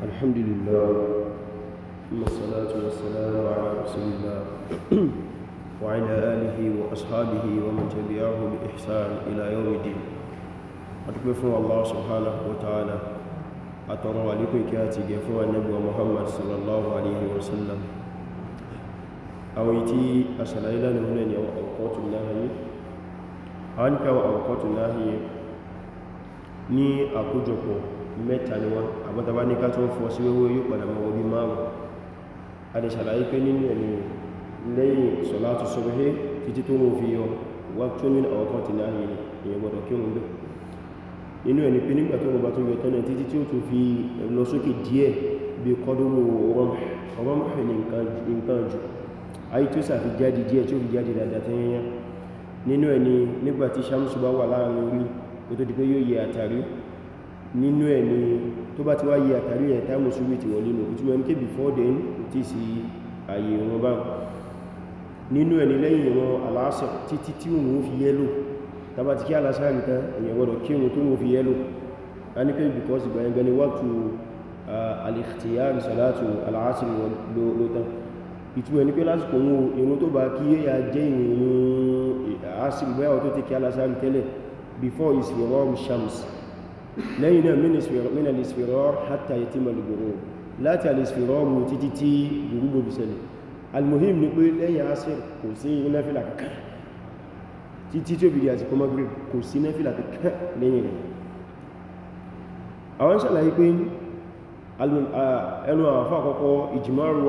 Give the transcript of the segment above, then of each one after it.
الحمد لله ثم الصلاة والسلام على رسول الله وعلى آله وأصحابه ومن تبعه بإحسان إلى يوم الدين أتكفر الله سبحانه وتعالى أترى لكم كاتي قفوة النبي محمد صلى الله عليه وسلم أويتي أسأل إلى نهنني وأوقات النهي عنك وأوقات النهي ni àkójọpọ̀ mẹ́ta ni wọ́n àmọ́tàbá ní ká tó ń fọ́ sí wéwé yóò padà mọ́ orí márùn a lè ṣàlàyé pé nínú ẹni lẹ́yìn sọ̀látù sọ́rọ̀hé títí tó rùn fi yọ wà tó ní àwọ̀kan ti náà yìí ìyẹn gbọdọ̀ kí òun lò nínú ẹni pé nígbà tó rùn bá tó yọ tán títí tí ó tún fi lọ sókè díẹ̀ bí kọdúrú ọ̀rọ̀mù ní tó di pé yóò yẹ àtàrí nínú ẹ̀ ni tó bá ti wá yí àtàrí ẹ̀ táìmù ṣúgbì tí wọ́n nínú ìtumọ̀ ní kébì fọ́dẹ̀n tí sí ààyè wọn bá nínú ẹ̀ ni lẹ́yìn ìran aláṣẹ títí tí wọ́n fi yẹ́lò tàbá ti kí aláṣáàrí tán èyàn gbọ́dọ̀ kí wọn because ìgbà gani wákù alìkhtiyari salatu aláṣẹ ló tán ìtumọ̀ ní pé lásìkò wọn irun tó bá kí yẹ́yà jẹ́ ìrìn àṣìrí bẹ́ẹ̀ tó ti shams lẹ́yìn náà mínà lè sfèrọ́ hátà yẹ tí ma lè gbòrò láti a lè sfèrọ́ mú títí tí gbogbo bí ṣẹlẹ̀ almuhim ni pé lẹ́yìn asir kò sí náfílà kankan títí tí ó bìí àti kọmọ grip kò sí náfílà kankan lẹ́yìn rẹ̀ àwọn ṣàlàyé pé ẹnu àwọn àkọ́kọ́ ìjìmọ́rù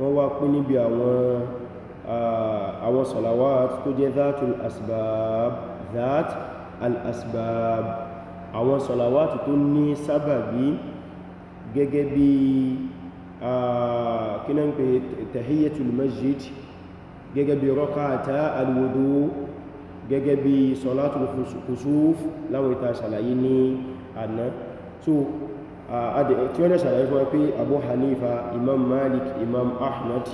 wọ́n wá pín níbi àwọn àwọn salawat tó jẹ́ dhatul asbab dhat al-asbab àwọn salawat tó ní sábàbí gẹ́gẹ́ bí kí náà ń pè tahiyyatul masjid gẹ́gẹ́ bí rak'ata al gẹ́gẹ́ bí salatul khusuf láwọn ìta ṣàlàyé ní àná tí wọ́n lẹ́sàrẹ̀ fún pé Abu Hanifa Imam Malik Imam Ahmad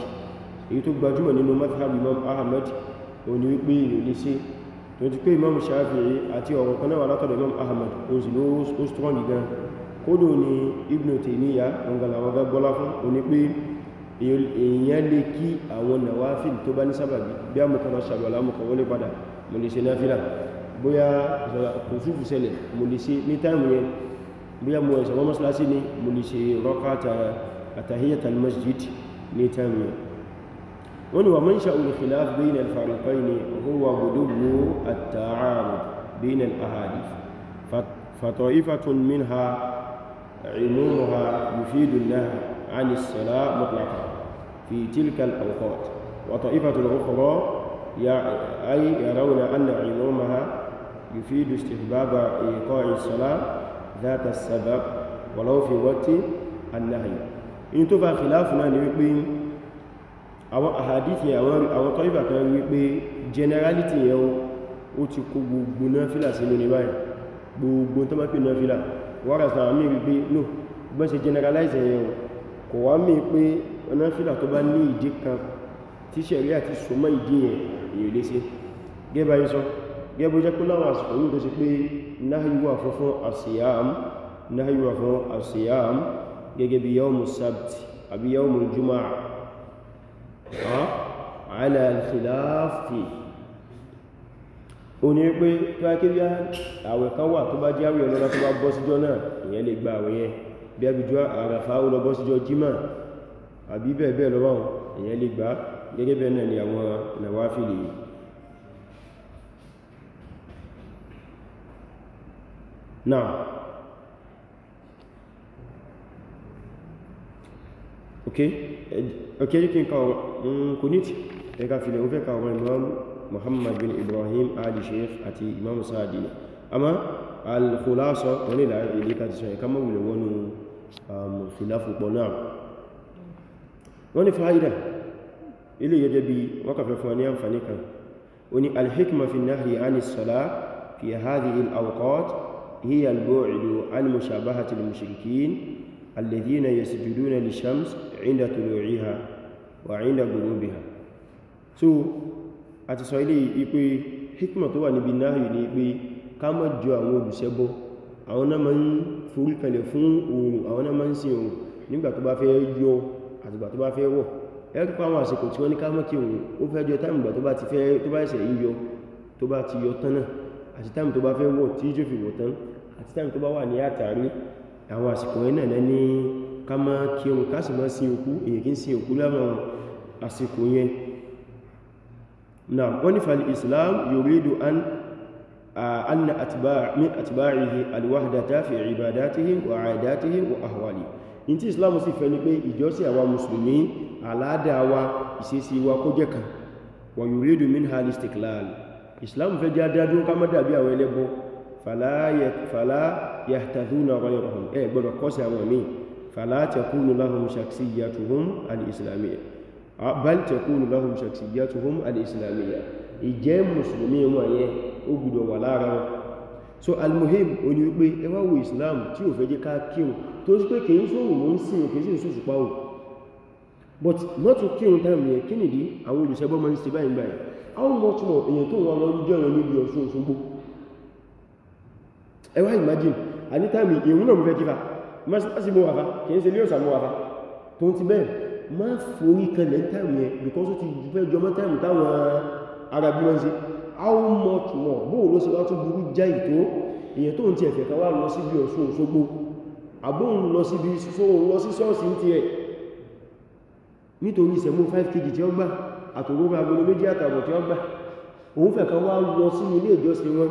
èyí tó gbajúmọ̀ nínú madhhab Imam Ahmad ó ní wípé ìrìnlẹ̀ sí tó ti pé Imam Shafi'i àti ọ̀rọ̀ kan náà látọ̀dọ̀ Imam Ahmad ó sì ló ó strong gan kódò ni Ibn Taymiyyah ọ̀gàlàwọ̀gá gbọ́lá fún ó ní pé èèyàn lè kí àwọn nàwáfíìl tó bá ní sábàbí bí a mọ̀kànlá ṣàbàlá mọ̀kàn wọlé padà mo lè ṣe náfílà bóyá kò súfù ṣẹlẹ̀ mo ní táìmù yẹn bóyá mo ẹ̀sẹ̀ wọ́n mọ́sálásí ni mo lè ṣe rọ́kà àtàhíyàtà masjid ní tẹ́mù wọ́n ni wà mọ́ṣà al-khilaf bayna al-fariqayn huwa gudubbu at-ta'arud bayna al-ahadith fata'ifatun minha عمومها يفيد النهي عن الصلاة مطلقا في تلك الأوقات وطائفة أخرى أي يرون أن عمومها يفيد استحباب إيقاع الصلاة ذات السبب ولو في وقت النهي in tó fa khilafu náà ni wípé àwọn àhàdìtì àwọn tọ́ìfà kan wípé generality yẹn ó ti kó gbogbo náà fílà sínú ní báyìí gbogbo tó má pè náà fílà wọ́rẹ̀ sàn mí wípé no bọ́n ṣe generalize yẹn kò wá mí pé náà fílà tó bá ní ìdí kan tí ṣẹ̀rí àti sọmọ́ ìdí yẹn èyí lé sí gẹ́bà yìí sọ gẹ́bù jẹ́ pé láwọn àsìkò yìí tó ṣe pé náhíwà fún àṣíyàm náhíwà fún àṣíyàm gẹ́gẹ́ bí yawmu sabt àbí yawmu jumaa ala al-khilafi o ní pé tó á kébí àwẹ̀ kan wà tó bá jẹ́ àwẹ̀ ọlọ́lá tó bá bọ́ síjọ́ náà ìyẹn lè gba àwẹ̀ yẹn bí نعم ok ok you can call kunit e ka file o fe ka wọn imam muhammad bin ibrahim ali sheikh àti imam saadi ama al khulasa wọn ni láàrín ilé ka ti sọ ẹka mawule wọnú khilafu pọ̀ náà wọ́n ni fa'ida ilé gẹ́gẹ́ bí wọ́n kàfẹ́ fún ní àǹfàní kan o ni alhikma fi nahyi anis sala fi hadhihi al awqat هي البعد عن مشابهة المشركين الذين يسجدون للشمس عند طلوعها وعند غروبها so àti sọ ilé ìpé hikma tó wà níbi náàyù ní pé ká má jọ àwọn olùṣẹbọ àwọn náà máa ń foríkanlẹ̀ fún oòrùn àwọn náà máa ń sin oòrùn nígbà tó bá fẹ́ yọ àtìgbà tó bá fẹ́ wọ̀ ẹ́rùpá àwọn àsìkò tí wọ́n ní ká má kí oòrùn ó fẹ́ jọ táìmù tó bá ti fẹ́ tó bá ẹ̀sẹ̀ yíyọ tó bá ti yọ tán náà àti táìmù tó bá fẹ́ wọ̀ tí jò fi wọ̀ tán àti táìmù tó bá wà ní àtàrí àwọn àsìkò yẹn náà ní ká má kí ohun ká sì má sin òkú èyí kí ń sin òkú láwọn àsìkò yẹn na wọ́n ní fàlì islam yuridu an anna min atba'ihi alwahdata wa kó jẹ́ kan wa yuridu min hal istiklal islam fẹ́ jẹ́ adádún ká má dàbí àwọn ẹlẹ́bọ fàlá yàtàdúnà ọ̀rẹ́rọ̀hùn ẹ gbọ́dọ̀ kọ́sí àwọn míì fàlá tẹkúnù láhùn ṣàksíyàtùhùn alìsìlámíyà bal tẹkúnù láhùn ṣàksíyàtùhùn alìsìlámíyà ìjẹ́ mùsùlùmí wọn yẹ ó gbọ́dọ̀ wà lára wọn so almuhim o ni wípé ẹ wá wo islam tí ò but wọ́n tún kírun táìmù yẹn kí nìdí àwọn olùsẹ́gbọ́n máa ń ṣe báyìí báyìí how much more èèyàn tó wọn lọ jẹ́ òun níbi ọ̀ṣun òṣogbo ẹ wá imagine Anytime ìrún náà mú fẹ́ kífà mọ́sí mú wàfá kìí ṣe léòsà mú wàfá tó ti bẹ́ẹ̀ má forí kalẹ̀ táìmù yẹn because ó ti fẹ́ jọmọ́ táìmù táwọn arabi wọ́n sí how much more bóò ló sì wá tún burú já ìtó èyàn tó ń ti ẹ̀fẹ̀ kan wá lọ síbi Ọ̀ṣun Òṣogbo àbóhun lọ síbi sóhun lọ sí ṣọ́ọ̀sì ń tiẹ̀ nítorí ìṣẹ̀mú 5 kg tí ó gbà àtòrógbà agbolo méjì àtàbọ̀ tí ó gbà òun fẹ̀ kan lọ sínú ilé ìjọsìn wọn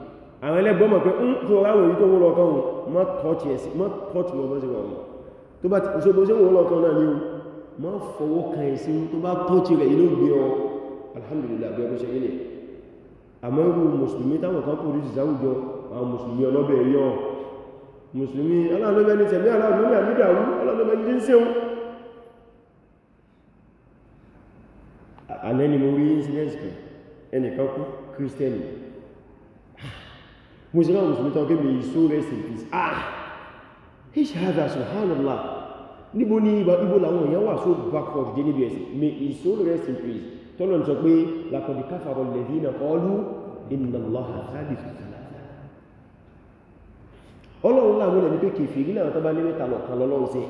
àwọn ẹlẹ́gbọ́n mọ̀ pé ń tó ráwọ̀ yìí tó wó lọ́kàn wọn má tọ́tì ẹ̀sìn má tọ́tì wọn bọ́sẹ̀ wọn tó bá ti ṣe bó ṣe wọ́n lọ́kàn náà ní o má fọwọ́ kan ẹ̀sìn tó bá tọ́tì rẹ̀ inú gbé ọ alhamdulillah bí ọkọ̀ ṣe ilé àmọ́ irú mùsùlùmí táwọn kan kúrú ti sáwùjọ àwọn mùsùlùmí ọlọ́bẹ̀ yọ mùsùlùmí aláàlọ́bẹ̀ ní tẹ̀mí aláàlọ́bẹ̀ àmìdàwú aláàlọ́bẹ̀ ní ṣeun alẹ́ni mo rí incidence kan ẹnìkan kú kírísítẹ́nì mo sì ráwọn musulmi tán pé may so rest in peace ah ish hada subhanallah níbo ní ibo làwọn èèyàn wà so backward dé níbi ẹ̀sìn may so rest in peace tọ́lọ̀ sọ pé lakọ̀dì káfàrọ̀ lẹ́dí na qalu inna Allaha thalithu thalatha ọlọ́run láwọn ẹni pé kèfèrí láwọn tọ́bá ní mẹ́ta lọ̀kan lọ́lọ́run sí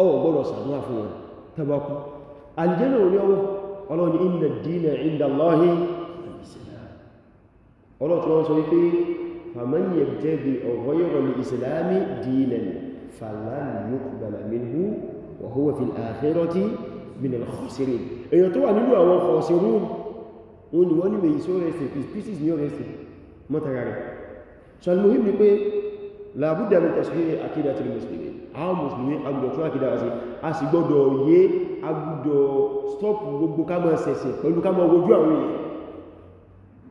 ọwọ́ gbọ́dọ̀ sàdúrà fún wọn tẹ́bọ́kú àlìjẹ́nà orí ọwọ́ ọlọ́run inna ad-dina inda Allahi ọlọ́tún sọ wípé fàmọ́nyẹ̀ jẹ́bi ọ̀gọ́yọ̀rọ̀ ní ìsìlámi dínẹ̀lì fàlànìyàn minhu wa huwa fil akhirati min al-khasirin èyàn tó wà nínú àwọn khasirun wọn ni wọ́n ní mèyí só rẹ̀ sí pieces ní ọ̀rẹ́ sí mọ́tara rẹ̀ salmuhim ni pé làbúdà ní tashiri akídà tí mùsùlùmí àwọn stop gbogbo ká mọ́ sẹ̀sẹ̀ pẹ̀lú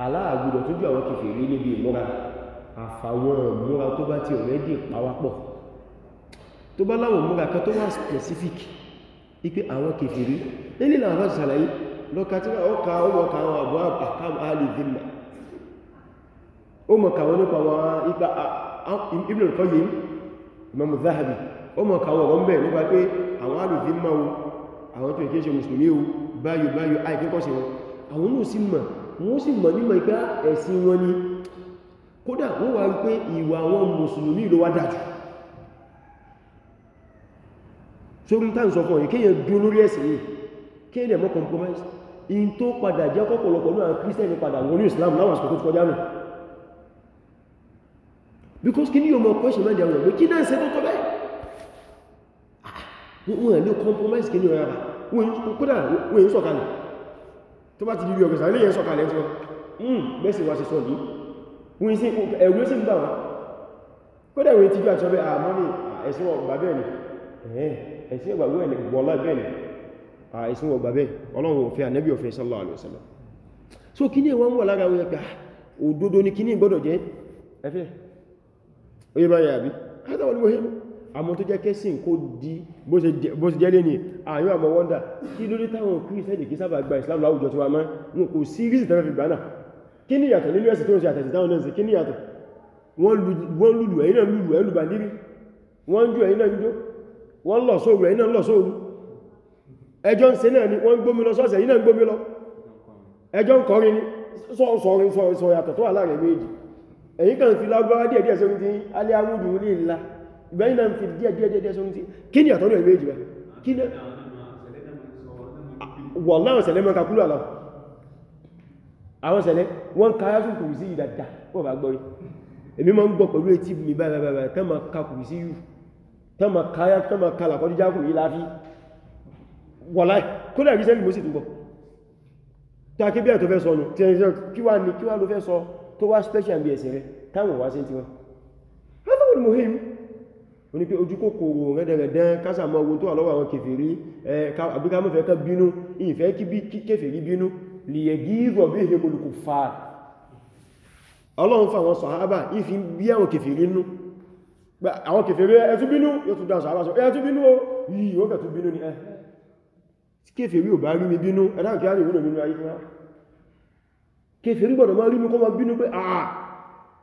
ala tó jù àwọn kèfèrí níbi ìmúra àfàwọn ìmúra tó bá ti ọ̀rẹ́ dì pàwápọ̀ tó bá láwọn ìmúra kan tó wà specific ipé àwọn kèfèrí nílé làwọn ṣàlàyé lọ́ka tí wọ́n ká ọmọ ká àwọn àbọ̀ àkàm alìdìmà àwọn tó ìkéṣe mùsùlùmí o báyò báyò àìkẹ́kọ̀ọ́sẹ̀ wọn àwọn wọ́n sì mọ̀ nímọ̀ ìpá ẹ̀sìn wọn ni kódà wọ́n wà wípé ìwà àwọn mùsùlùmí ló wá dájú sórí tá ń sọ fún ọ̀yẹ́ kéèyàn dún lórí ẹ̀sìn yìí kéèyàn mọ́ Islam láwọn àsìkò tó kọjá nù because kí ní ọmọ question mẹ́jẹ̀ rẹ̀ pé kí náà ṣe tó tọ́ bẹ́ẹ̀ ah, wọ́n lè compromise kí ní ọ̀yára wọ́n kódà wọ́n tó bá ti di bí ọ̀gẹ̀sà ilé yẹn sọ̀kalẹ̀ tí hmm, wọ́n bẹ́sì wá sí sọ ní wọ́n sí ẹ̀rùn sí ń bà wọ́n kódà ìwé tíjú àti ọbẹ̀ àmọ́ni ah, ah, ẹ̀sìn ọgbà bẹ́ẹ̀ ni ẹ̀sìn ọgbà bẹ́ẹ̀ ni wọ́lá bẹ́ẹ̀ ni ah, ẹ̀sìn ọgbà bẹ́ẹ̀ ọlọ́run òfin ànẹ́bí òfin sallallahu alaihi wasallam so kí ní wọ́n wà lára wọn pé òdodo ni kí ní gbọ́dọ̀ jẹ́ ẹfẹ́ oye báyà àbí hádà wọ́n ni wọ́n àmọ́ tó jẹ́ kẹ́sìn kó di bó ṣe jẹ́ lé ní àyọ́ àmọ́ wọ́ndà kí ló dé táwọn kírísẹ́dì kí sábà gba ìsìláàmù láwùjọ tí wa mọ́ wọn kò sí rísì tẹ́lẹ̀ fi gbáná kí ní yàtọ̀ nínú ẹ̀sìn tó ń ṣe àtẹ̀sì táwọn náà sí kí ní yàtọ̀ wọ́n lùlù ẹ̀yìn náà lùlù ẹ̀lù bàndírí wọ́n ju ẹ̀yìn náà jó wọ́n lọ sóòrù ẹ̀yìn náà lọ sóòrù ẹjọ́ ń ṣe náà ni wọ́n gbómi lọ sọ́ọ̀sẹ̀ ẹ̀yìn náà gbómi lọ ẹjọ́ ń kọrin ni sọ̀rọ̀ yàtọ̀ tó wà láàrin méjì ẹ̀yìn kan fi lágbára díẹ̀díẹ̀ sórí ti alẹ́ amúdùn ní ìlà ìgbẹ̀yìn náà fi díẹ̀ díẹ̀ díẹ̀ sórí tí kí ni àtọ́rọ̀ ìwé ìjìbá kí ní wọ̀n láwọn sẹ̀lẹ̀ mọ́ kakúlù àlọ́ àwọn sẹ̀lẹ̀ wọ́n ká yásùn kùrù sí ìdàdà wọ́n bá gbọ́rí èmi máa ń gbọ́ pẹ̀lú etí mi báyàbáyà tán ma ka kùrù sí yù tán ma káyá tán ma kalà kọjú jákùn yìí láfí special bí ẹ̀sìn rẹ táwọn wá sí tiwọn. hafẹ́ wọ́n wọ́n ní pé ojú kòkòrò rẹ̀dẹ̀rẹ̀dẹ̀ kásà mọ́ ogun tó wà lọ́wọ́ àwọn kèfèrí àbíká mọ́fẹ́ kan bínú ìfẹ́ kí kèfèrí bínú lè gíìzọ̀ bí ihe olùkù fa ọlọ́run fàwọn sọ̀hábà ìfi bí àwọn kèfèrí nú àwọn kèfèrí ẹtú bínú yóò tún dáa sọ̀hábà sọ ẹtú bínú yìí ó kẹtù bínú ni ẹ kèfèrí ò bá rí mi bínú ẹ̀dá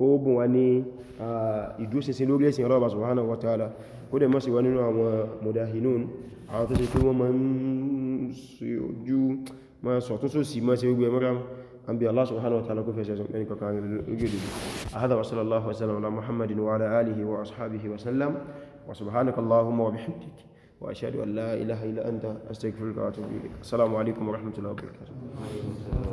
kó bùn wa ní ìdúsinsin lórí ẹ̀sìn ọlọ́ọ̀bá subhanahu wa ta'ala kó dẹ̀ mọ́sí wa nínú àwọn mudahinun àwọn tó ṣe pé wọ́n ma ń ojú ma sọ̀tún sósì ma ṣe gbogbo ẹmọ́ra an bí Allah subhanahu wa ta'ala kó fẹ́ sẹ́sọ̀ ẹni kọkàn orílẹ̀-èdè ahada wa sallallahu wa sallam ala muhammadin wa ala alihi wa ashabihi wa sallam wa subhanaka allahumma wa bihamdik wa ashhadu an la ilaha illa anta astaghfiruka wa atubu ilayk assalamu alaikum wa rahmatullahi wa barakatuh